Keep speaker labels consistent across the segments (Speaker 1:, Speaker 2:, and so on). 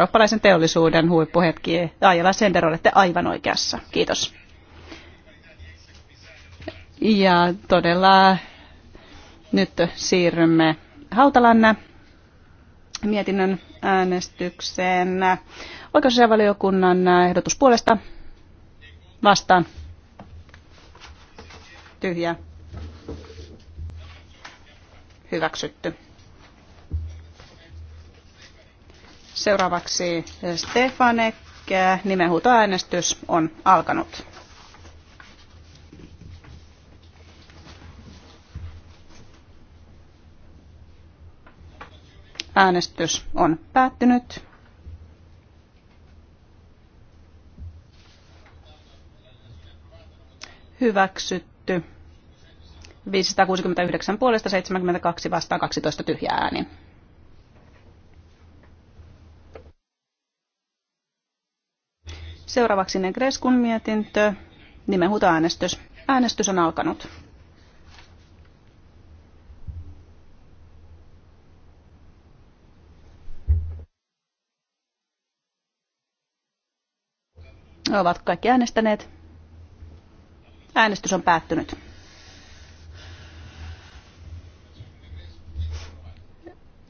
Speaker 1: eurooppalaisen teollisuuden huippuhetki. Aijala Sender, olette aivan oikeassa. Kiitos. Ja todella nyt siirrymme Hautalanne mietinnön äänestykseen. Oikeusasiavaliokunnan ehdotus puolesta vastaan. Tyhjä. Hyväksytty. Seuraavaksi Stefanek. Nimenhuutoäänestys on alkanut. Äänestys on päättynyt. Hyväksytty. 569 puolesta 72 vastaan 12 tyhjää ääni. Seuraavaksi Negreskun mietintö, nimenhuutoäänestys. Äänestys Äänestys on alkanut. Ovat kaikki äänestäneet? Äänestys on päättynyt.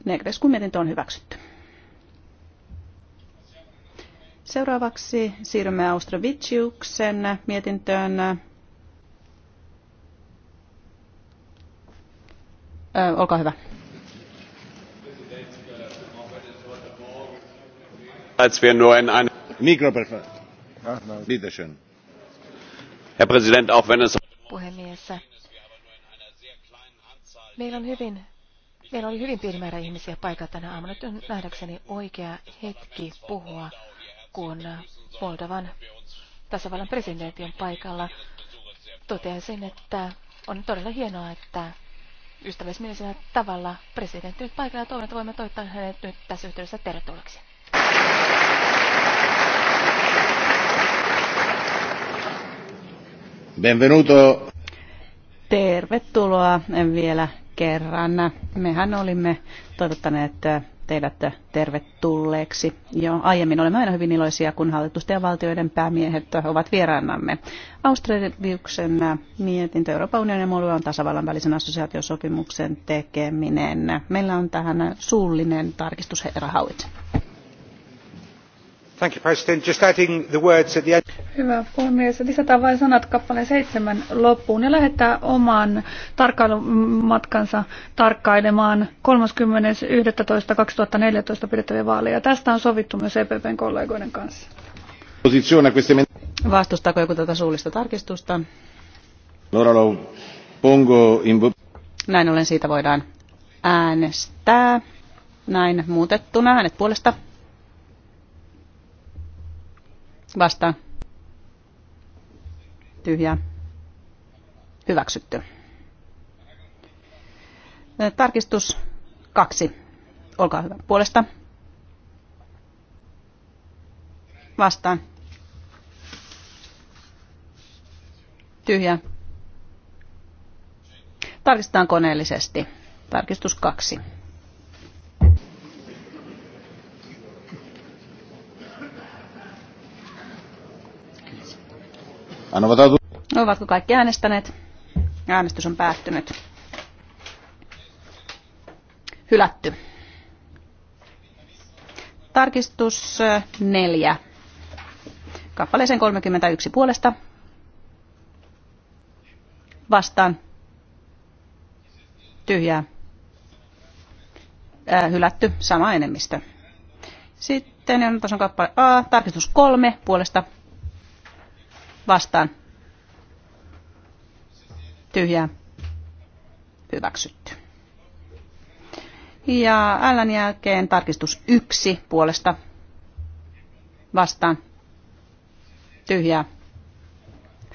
Speaker 1: Negreskun mietintö on hyväksytty. Seuraavaksi siirrymme Austravitsiuksen mietintöön. Ö, olkaa hyvä. Als wir nur in Herr Präsident, auch wenn es puhemies. Meillä on hyvin Meillä oli hyvin pieni määrä ihmisiä paikalla tänä aamuna. Nyt on nähdäkseni oikea hetki puhua kun Moldovan tasavallan presidentti on paikalla. Toteaisin, että on todella hienoa, että ystävällismielisellä tavalla presidentti nyt paikalla ja toivon, että voimme toivottaa hänet nyt tässä yhteydessä tervetulleeksi. Benvenuto. Tervetuloa vielä kerran. Mehän olimme toivottaneet teidät tervetulleeksi. Jo aiemmin olemme aina hyvin iloisia, kun hallitusten ja valtioiden päämiehet ovat vieraannamme. Australiuksen mietintö Euroopan unionin ja on tasavallan välisen assosiaatiosopimuksen tekeminen. Meillä on tähän suullinen tarkistus, herra Hauit. Hyvä puhemies. Lisätään vain sanat kappaleen seitsemän loppuun ja lähettää oman tarkkailumatkansa tarkkailemaan 30.11.2014 pidettäviä vaaleja. Tästä on sovittu myös EPPn kollegoiden kanssa. Vastustaako joku tätä suullista tarkistusta? Näin ollen siitä voidaan äänestää. Näin muutettuna. Äänet puolesta Vastaan. Tyhjää. Hyväksytty. Tarkistus kaksi. Olkaa hyvä. Puolesta. Vastaan. Tyhjä. Tarkistetaan koneellisesti. Tarkistus kaksi. Ovatko kaikki äänestäneet? Äänestys on päättynyt. Hylätty. Tarkistus neljä. Kappaleeseen 31 puolesta. Vastaan. Tyhjää. Ää, hylätty. Sama enemmistö. Sitten on tason kappale A. Tarkistus kolme puolesta Vastaan. Tyhjää. Hyväksytty. Ja älän jälkeen tarkistus yksi puolesta. Vastaan. Tyhjää.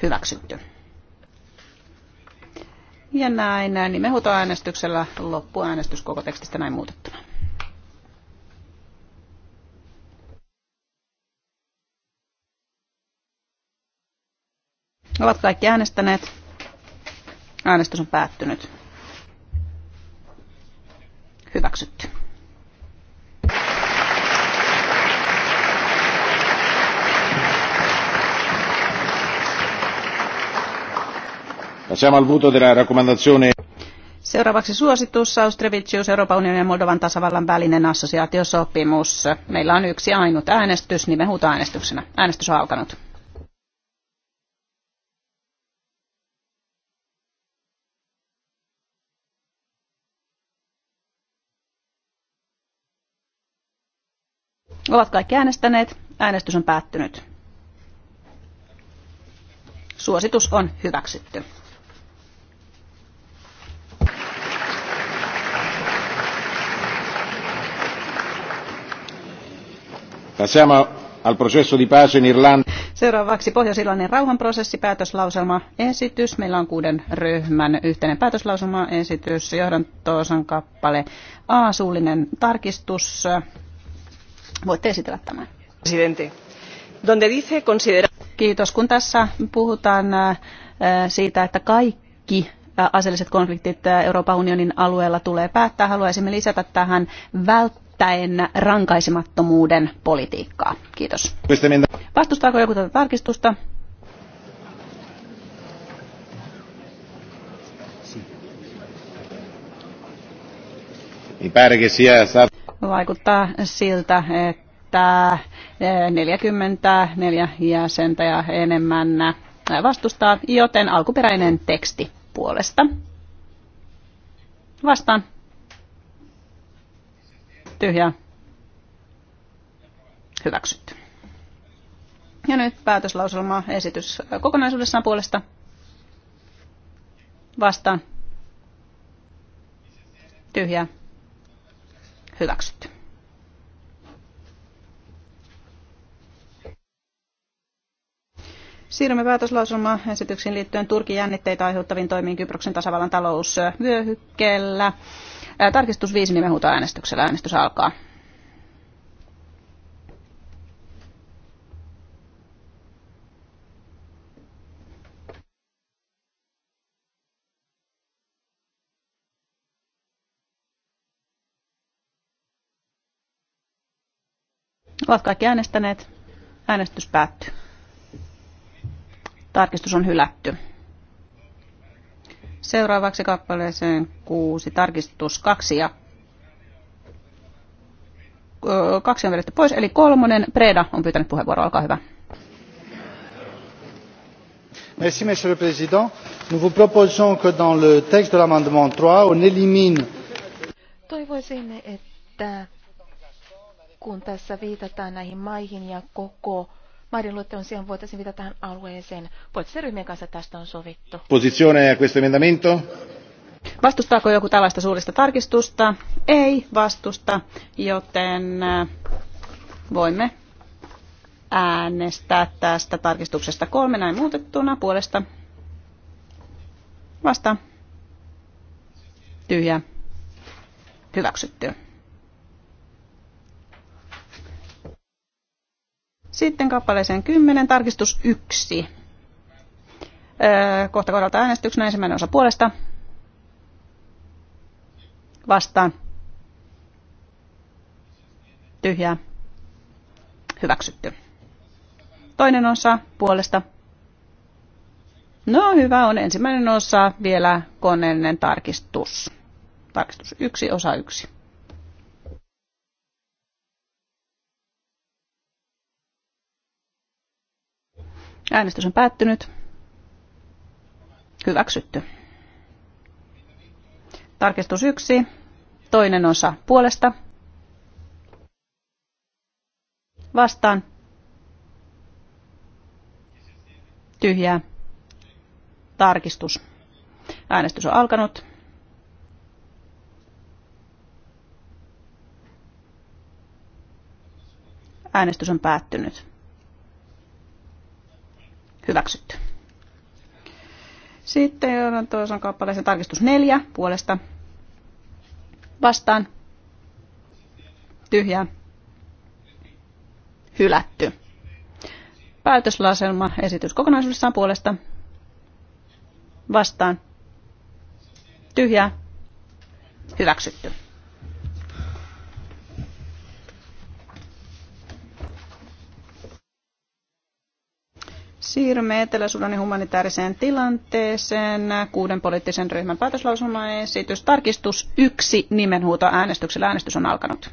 Speaker 1: Hyväksytty. Ja näin, näin nimenhuutoäänestyksellä loppuäänestys koko tekstistä näin muutettuna. Ovat kaikki äänestäneet. Äänestys on päättynyt. Hyväksytty. Seuraavaksi suositus Austrevicius Euroopan unionin ja Moldovan tasavallan välinen assosiaatiosopimus. Meillä on yksi ainut äänestys, nimenhuutoäänestyksenä. Äänestys on alkanut. Ovat kaikki äänestäneet. Äänestys on päättynyt. Suositus on hyväksytty. Passiamo al processo di pace in Irlanda. Seuraavaksi Pohjois-Irlannin rauhanprosessi, päätöslauselma, esitys. Meillä on kuuden ryhmän yhteinen päätöslauselma, esitys, johdantoosan kappale, A, suullinen tarkistus, Voitte esitellä tämän. Donde dice considera... Kiitos. Kun tässä puhutaan äh, siitä, että kaikki äh, aseelliset konfliktit äh, Euroopan unionin alueella tulee päättää, haluaisimme lisätä tähän välttäen rankaisemattomuuden politiikkaa. Kiitos. Vastustaako joku tätä tarkistusta? Mi pare vaikuttaa siltä, että 44 eh, jäsentä ja enemmän eh, vastustaa, joten alkuperäinen teksti puolesta. Vastaan. Tyhjä. Hyväksytty. Ja nyt päätöslauselma esitys kokonaisuudessaan puolesta. Vastaan. Tyhjä. Hyväksytty. Siirrymme päätöslausumaan esityksiin liittyen Turkin jännitteitä aiheuttaviin toimiin Kyproksen tasavallan talousvyöhykkeellä. Tarkistus 5 nimenhuuta äänestyksellä. Äänestys alkaa. Ovat kaikki äänestäneet. Äänestys päättyy. Tarkistus on hylätty. Seuraavaksi kappaleeseen kuusi. Tarkistus kaksi ja kaksi on vedetty pois, eli kolmonen. Preda on pyytänyt puheenvuoroa, olkaa hyvä. Merci, monsieur le président. Nous vous proposons que dans le texte de l'amendement 3, on élimine... Toivoisin, että kun tässä viitataan näihin maihin ja koko maiden luettelon sijaan voitaisiin viitata tähän alueeseen. Poliittisen ryhmien kanssa tästä on sovittu. ja questo emendamento? Vastustaako joku tällaista suullista tarkistusta? Ei vastusta, joten äh, voimme äänestää tästä tarkistuksesta kolme näin muutettuna puolesta. Vasta. Tyhjä. Hyväksytty. Sitten kappaleeseen 10, tarkistus 1. Öö, kohta kohdalta äänestyksenä ensimmäinen osa puolesta. Vastaan. Tyhjää. Hyväksytty. Toinen osa puolesta. No hyvä on ensimmäinen osa vielä koneellinen tarkistus. Tarkistus 1, osa 1. Äänestys on päättynyt. Hyväksytty. Tarkistus 1. Toinen osa puolesta. Vastaan. Tyhjää. Tarkistus. Äänestys on alkanut. Äänestys on päättynyt. Hyväksytty. Sitten on toisen kappaleeseen tarkistus neljä puolesta. Vastaan. tyhjä, Hylätty. Päätöslaselma esitys kokonaisuudessaan puolesta. Vastaan. tyhjä, Hyväksytty. Siirrymme Etelä-Sudanin humanitaariseen tilanteeseen. Kuuden poliittisen ryhmän päätöslausumaesitys. Tarkistus yksi nimenhuuto äänestyksellä. Äänestys on alkanut.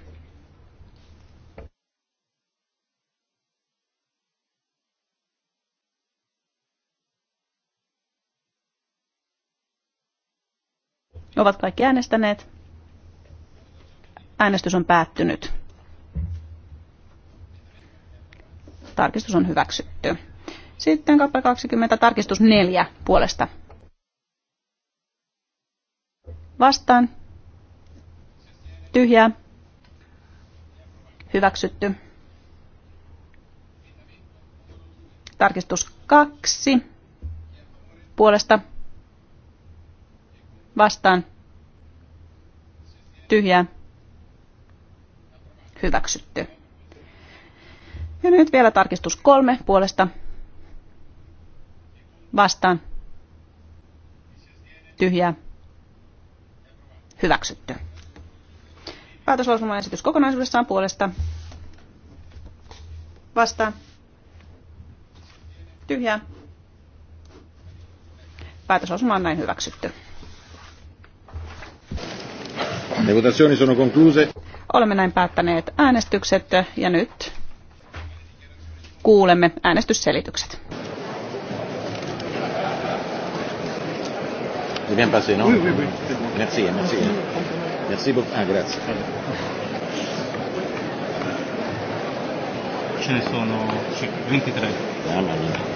Speaker 1: Ovat kaikki äänestäneet. Äänestys on päättynyt. Tarkistus on hyväksytty. Sitten kappale 20, tarkistus 4 puolesta. Vastaan. Tyhjää. Hyväksytty. Tarkistus 2 puolesta. Vastaan. Tyhjää. Hyväksytty. Ja nyt vielä tarkistus kolme puolesta Vastaan. Tyhjää. Hyväksytty. Päätöslausumaesitys kokonaisuudessaan puolesta. Vastaan. Tyhjää. Päätöslausuma on näin hyväksytty. Le sono concluse. Olemme näin päättäneet äänestykset ja nyt kuulemme äänestysselitykset. C'est bien passé, non Oui, oui, oui. Bon. Merci, merci. Merci beaucoup. Ah, grazie. Ce ne sono 23. Ah, ma mia.